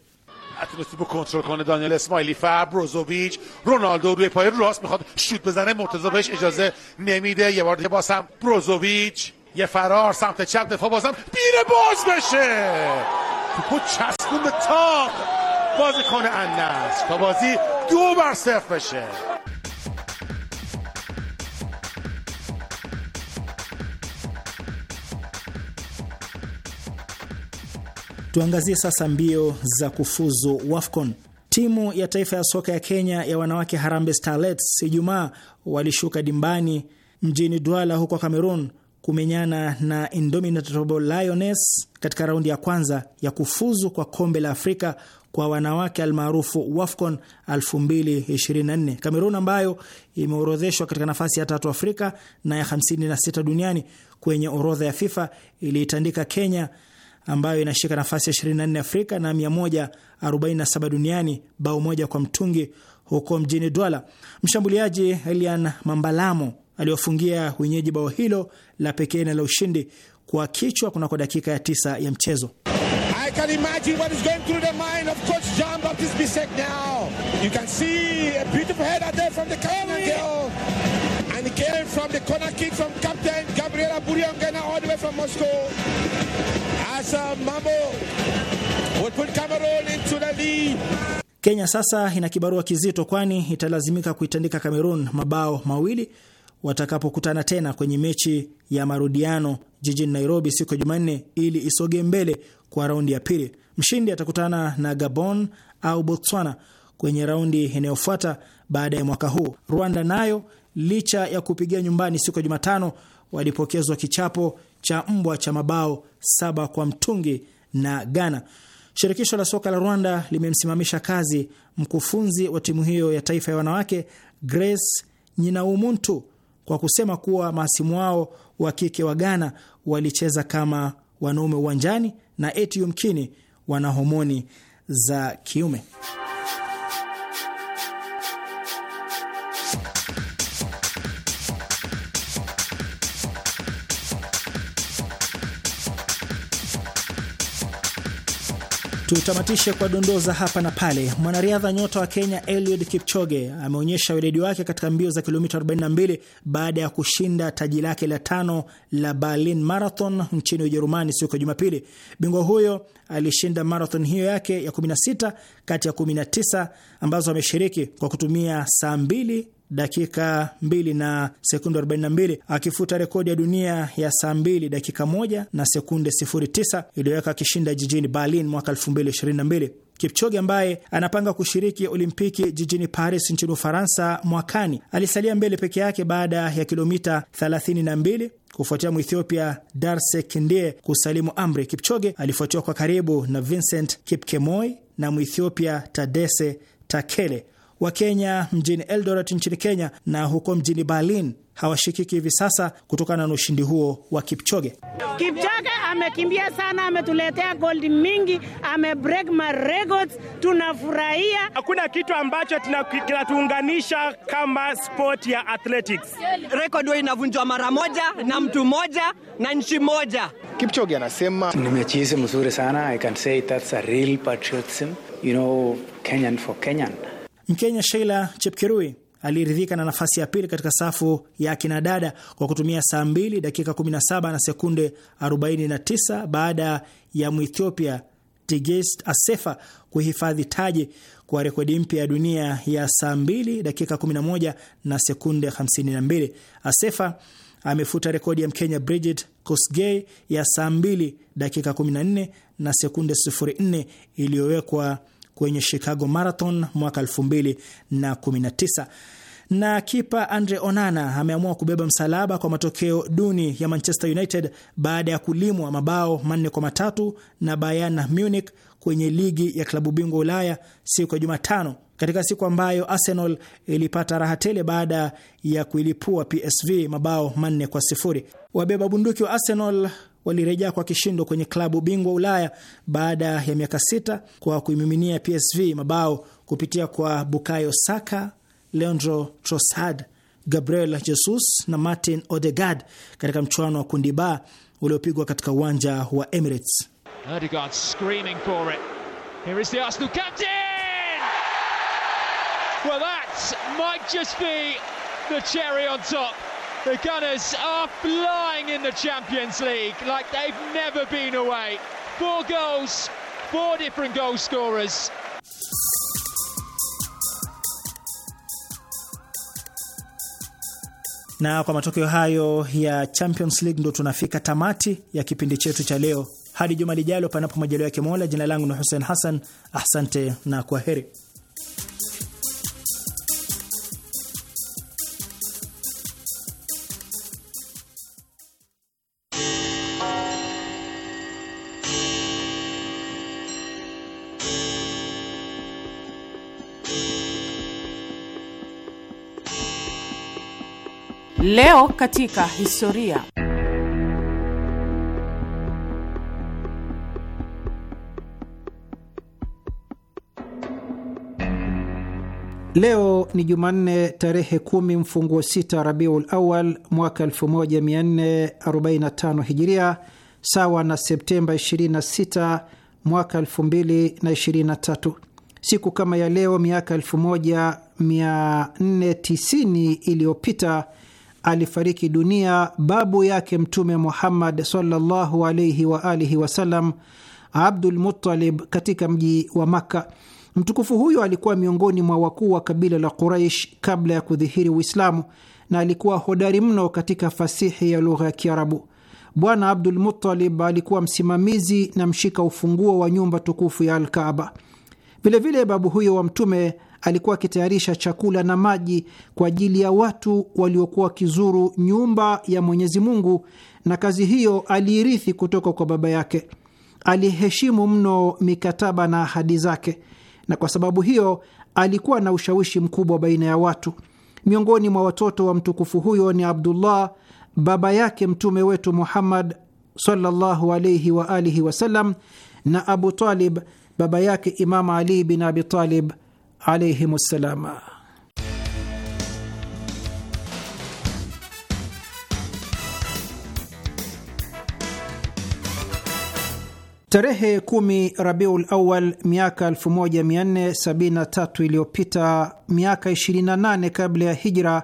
تو کنترل کنه دانیل اسماعیلی فر بروزوویچ رونالدو روی پای راست میخواد شوت بزنه مرتضی بهش اجازه نمیده یه بار دیگه بازم بروزوویچ یه فرار سمت چپ دفاع بازم بیره باز بشه توپو چسبون به تاق بازی کنه انس تا بازی دو بر صفر بشه Tuangazie sasa mbio za kufuzu WAFCON. Timu ya taifa ya soka ya Kenya ya wanawake Harambee Starlets Ijumaa walishuka dimbani mjini duala huko Cameroon kumenyana na Indomitable Lioness katika raundi ya kwanza ya kufuzu kwa kombe la Afrika kwa wanawake almaarufu WAFCON 2024. cameroon ambayo imeorodheshwa katika nafasi ya tatu Afrika na ya 56 duniani kwenye orodha ya FIFA iliitandika Kenya ambayo inashika nafasi ya 24 Afrika na 147 duniani, bao moja kwa mtungi huko mjini Douala. Mshambuliaji Elian Mambalamo aliwafungia wenyeji bao hilo la pekee na la ushindi kwa kichwa kunako dakika ya tisa ya mchezo. I came from the corner kick from captain Gabriela Buriangena all the way from Moscow. As Mambo would put Cameroon into the lead. Kenya sasa ina kibarua kizito kwani italazimika kuitandika Cameroon mabao mawili watakapokutana tena kwenye mechi ya marudiano jijini Nairobi siku ya Jumanne ili isoge mbele kwa raundi ya pili. Mshindi atakutana na Gabon au Botswana kwenye raundi inayofuata baada ya mwaka huu. Rwanda nayo licha ya kupigia nyumbani siku ya Jumatano walipokezwa kichapo cha mbwa cha mabao saba kwa mtungi na Ghana. Shirikisho la soka la Rwanda limemsimamisha kazi mkufunzi wa timu hiyo ya taifa ya wanawake Grace Nyinaumuntu kwa kusema kuwa mahasimu wao wa kike wa Ghana walicheza kama wanaume uwanjani na eti yumkini wana homoni za kiume. Tutamatishe kwa dondoza hapa na pale. Mwanariadha nyota wa Kenya Eliud Kipchoge ameonyesha weledi wake katika mbio za kilomita 42 baada ya kushinda taji lake la tano la Berlin Marathon nchini Ujerumani siku ya Jumapili. Bingwa huyo alishinda marathon hiyo yake ya 16 kati ya 19 ambazo ameshiriki kwa kutumia saa 2 dakika 2 na sekunde 42 akifuta rekodi ya dunia ya saa 2 dakika 1 na sekunde 09 iliyoweka akishinda jijini Berlin mwaka 2022. Kipchoge ambaye anapanga kushiriki Olimpiki jijini Paris nchini Ufaransa mwakani alisalia mbele peke yake baada ya kilomita 32 kufuatia Mwethiopia Darse Kindie kusalimu amri. Kipchoge alifuatiwa kwa karibu na Vincent Kipkemoi na Mwethiopia Tadese Takele wa kenya mjini Eldoret nchini Kenya na huko mjini Berlin hawashikiki hivi sasa kutokana na ushindi huo wa Kipchoge. Kipchoge amekimbia sana, ametuletea gold mingi, break my records, tunafurahia. Hakuna kitu ambacho kinatuunganisha kama sport ya athletics. Record huo inavunjwa mara moja na mtu moja na nchi moja. Kipchoge anasema ni mechi mzuri sana. I can say that's a real patriotism, you know, Kenyan for Kenyan. Mkenya Sheila Chepkirui aliridhika na nafasi ya pili katika safu ya kinadada kwa kutumia saa 2 dakika 17 na sekunde 49 baada ya Mwethiopia Tigist Asefa kuhifadhi taji kwa rekodi mpya ya dunia ya saa 2 dakika 11 na sekunde 52. Asefa amefuta rekodi ya Mkenya Bridget Kosgei ya saa 2 dakika 14 na sekunde 04 iliyowekwa kwenye Chicago Marathon mwaka 2019 na kipa Andre Onana ameamua kubeba msalaba kwa matokeo duni ya Manchester United baada ya kulimwa mabao manne kwa matatu na Bayern Munich kwenye ligi ya klabu bingwa Ulaya siku ya Jumatano, katika siku ambayo Arsenal ilipata raha tele baada ya kuilipua PSV mabao manne kwa sifuri. Wabeba bunduki wa Arsenal walirejea kwa kishindo kwenye klabu bingwa Ulaya baada ya miaka sita kwa kuimiminia PSV mabao kupitia kwa Bukayo Saka, Leandro Trossard, Gabriel Jesus na Martin Odegaard katika mchuano wa kundi ba uliopigwa katika uwanja wa Emirates. Odegaard screaming for it. Here is the Arsenal captain. Well, that might just be the cherry on top. The Gunners are flying in the Champions League like they've never been away. Four goals, four different goal scorers. Na kwa matokeo hayo ya Champions League ndo tunafika tamati ya kipindi chetu cha leo. Hadi juma lijalo, panapo majaliwa yake Mola. Jina langu ni Hussein Hassan, asante na kwa heri. Leo katika historia. Leo ni Jumanne tarehe kumi mfunguo sita Rabiul Awal mwaka 1445 Hijiria, sawa na Septemba 26 mwaka 2023. Siku kama ya leo miaka 1490 iliyopita alifariki dunia babu yake Mtume Muhammad sallallahu alaihi wa alihi wasallam, Abdul Muttalib, katika mji wa Makka. Mtukufu huyo alikuwa miongoni mwa wakuu wa kabila la Quraish kabla ya kudhihiri Uislamu na alikuwa hodari mno katika fasihi ya lugha ya Kiarabu. Bwana Abdul Muttalib alikuwa msimamizi na mshika ufunguo wa nyumba tukufu ya Alkaaba. Vilevile babu huyo wa Mtume alikuwa akitayarisha chakula na maji kwa ajili ya watu waliokuwa wakizuru nyumba ya Mwenyezi Mungu, na kazi hiyo aliirithi kutoka kwa baba yake. Aliheshimu mno mikataba na ahadi zake, na kwa sababu hiyo alikuwa na ushawishi mkubwa baina ya watu. Miongoni mwa watoto wa mtukufu huyo ni Abdullah, baba yake mtume wetu Muhammad sallallahu alayhi wa alihi wasallam, na Abu Talib, baba yake Imam Ali bin Abi Talib alaihimussalama. Tarehe kumi Rabiul Awal miaka 1473 iliyopita, miaka 28 kabla ya Hijra,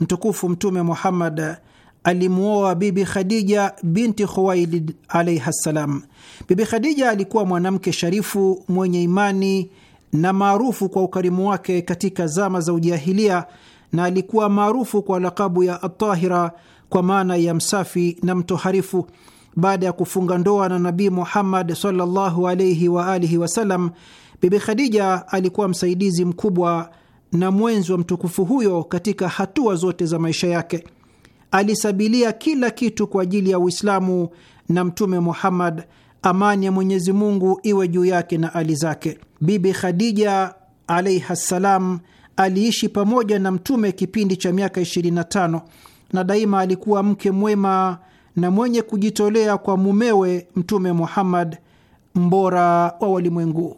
mtukufu Mtume Muhammad alimuoa Bibi Khadija binti Khuwailid alaihi ssalam. Bibi Khadija alikuwa mwanamke sharifu mwenye imani na maarufu kwa ukarimu wake katika zama za ujahilia, na alikuwa maarufu kwa lakabu ya Atahira kwa maana ya msafi na mtoharifu. Baada ya kufunga ndoa na Nabii Muhammad sallallahu alaihi wa alihi wasallam, Bibi Khadija alikuwa msaidizi mkubwa na mwenzi wa mtukufu huyo katika hatua zote za maisha yake. Alisabilia kila kitu kwa ajili ya Uislamu na Mtume Muhammad amani ya Mwenyezi Mungu iwe juu yake na ali zake. Bibi Khadija alaihi ssalam aliishi pamoja na Mtume kipindi cha miaka 25 na daima alikuwa mke mwema na mwenye kujitolea kwa mumewe Mtume Muhammad, mbora wa walimwengu.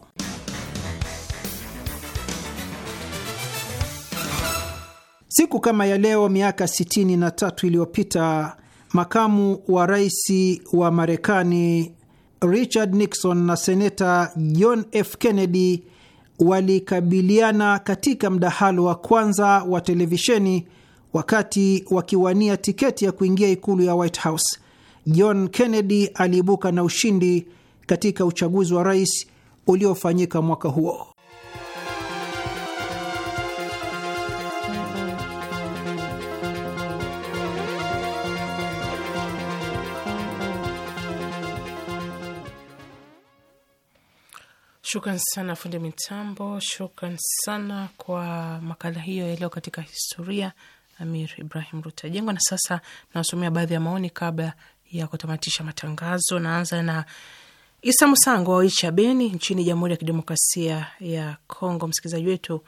Siku kama ya leo miaka 63 iliyopita makamu wa rais wa Marekani Richard Nixon na seneta John F. Kennedy walikabiliana katika mdahalo wa kwanza wa televisheni wakati wakiwania tiketi ya kuingia ikulu ya White House. John Kennedy aliibuka na ushindi katika uchaguzi wa rais uliofanyika mwaka huo. Shukran sana fundi mitambo, shukran sana kwa makala hiyo yaliyo katika historia, Amir Ibrahim Jengwa. Na sasa nawasomea baadhi ya maoni kabla ya kutamatisha matangazo. Naanza na Isa Musango wa Oicha Beni nchini Jamhuri ya Kidemokrasia ya Kongo. Msikilizaji wetu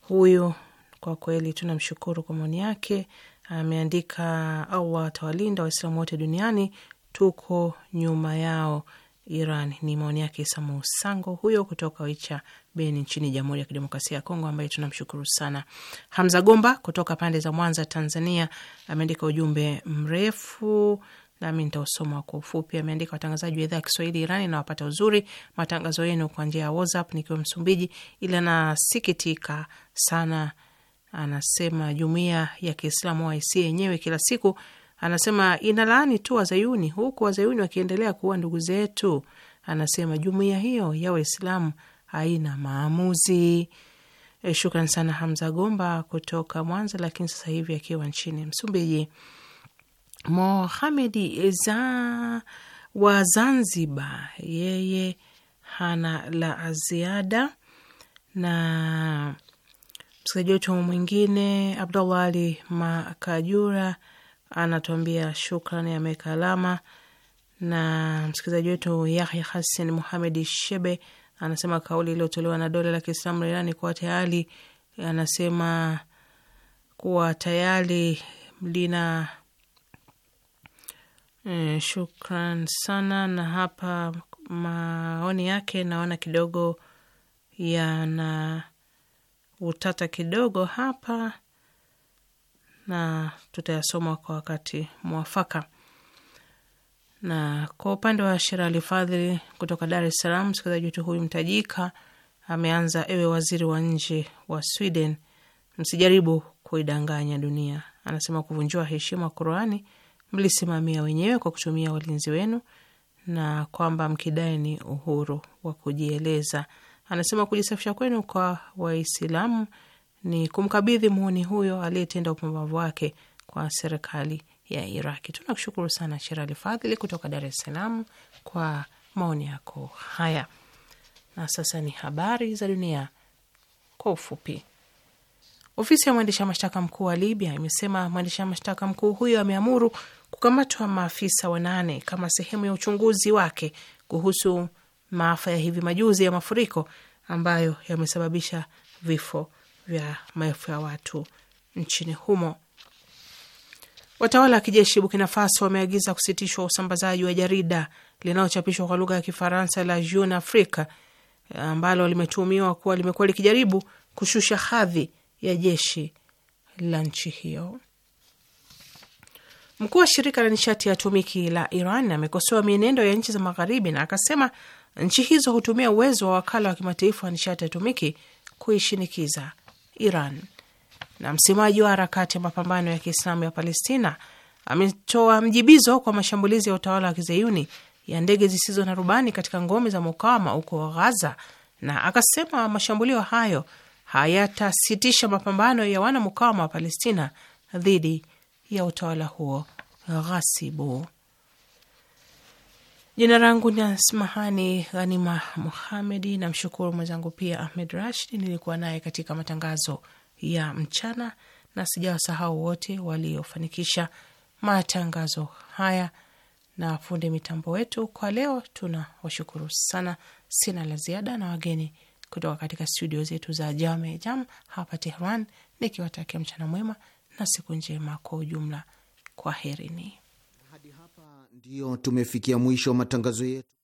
huyu, kwa kweli tunamshukuru kwa maoni yake. Ameandika au watawalinda Waislamu wote duniani, tuko nyuma yao. Iran. Ni maoni yake Samu Sango huyo kutoka Wicha Beni nchini Jamhuri ya Kidemokrasia ya Kongo, ambaye tunamshukuru sana. Hamza Gomba kutoka pande za Mwanza, Tanzania, ameandika ujumbe mrefu nami nitausoma kwa ufupi. Ameandika, watangazaji wa idhaa ya Kiswahili Irani nawapata uzuri matangazo yenu kwa njia ya WhatsApp nikiwa Msumbiji, ila nasikitika sana. Anasema jumuia ya Kiislamu OIC yenyewe kila siku Anasema inalaani tu Wazayuni, huku Wazayuni wakiendelea kuua ndugu zetu. Anasema jumuiya hiyo ya Waislamu haina maamuzi. E, shukran sana Hamza Gomba kutoka Mwanza, lakini sasa hivi akiwa nchini Msumbiji. Mohamedi za wa Zanzibar, yeye hana la ziada. Na msikilizaji wetu mwingine Abdullah Ali Makajura anatuambia shukrani, ameweka alama. Na msikilizaji wetu Yahya Hasan Muhamed Shebe anasema kauli iliyotolewa na dola la Kiislamu la Irani kuwa tayari, anasema kuwa tayari lina e, shukran sana. Na hapa maoni yake naona kidogo yana utata kidogo hapa na tutayasoma kwa wakati mwafaka. Na kwa upande wa Shera Alifadhili kutoka Dar es Salaam, msikilizaji wetu huyu mtajika ameanza: ewe waziri wa nje wa Sweden, msijaribu kuidanganya dunia. Anasema kuvunjiwa heshima Qurani mlisimamia wenyewe kwa kutumia walinzi wenu, na kwamba mkidai ni uhuru wa kujieleza. Anasema kujisafisha kwenu kwa Waislamu ni kumkabidhi muhuni huyo aliyetenda upumbavu wake kwa serikali ya Iraki. Tunakushukuru sana Sherali Fadhili kutoka Dar es Salaam kwa maoni yako haya. Na sasa ni habari za dunia kwa ufupi. Ofisi ya mwendesha mashtaka mkuu wa Libya imesema mwendesha mashtaka mkuu huyo ameamuru kukamatwa maafisa wanane kama sehemu ya uchunguzi wake kuhusu maafa ya hivi majuzi ya mafuriko ambayo yamesababisha vifo vya maelfu ya watu nchini humo. Watawala wa kijeshi Bukina Faso wameagiza kusitishwa usambazaji wa jarida linalochapishwa kwa lugha ya Kifaransa la Jeune Afrique ambalo limetuhumiwa kuwa limekuwa likijaribu kushusha hadhi ya jeshi la nchi hiyo. Mkuu wa shirika la nishati ya atomiki la Iran amekosoa mienendo ya nchi za Magharibi na akasema nchi hizo hutumia uwezo wa wakala wa kimataifa wa nishati ya atomiki kuishinikiza Iran. Na msemaji wa harakati ya mapambano ya Kiislamu ya Palestina ametoa mjibizo kwa mashambulizi ya utawala wa kizeyuni ya ndege zisizo na rubani katika ngome za mukawama huko Ghaza, na akasema mashambulio hayo hayatasitisha mapambano ya wana mukawama wa Palestina dhidi ya utawala huo ghasibu. Jina langu ni Asmahani Ghanima Muhamedi. Namshukuru mwenzangu pia Ahmed Rashid, nilikuwa naye katika matangazo ya mchana, na sijawasahau wote waliofanikisha matangazo haya na fundi mitambo wetu. Kwa leo tuna washukuru sana, sina la ziada na wageni kutoka katika studio zetu za Jame Jam hapa Tehran, nikiwatakia mchana mwema na siku njema kwa ujumla. Kwaherini. Ndiyo, tumefikia mwisho wa matangazo yetu.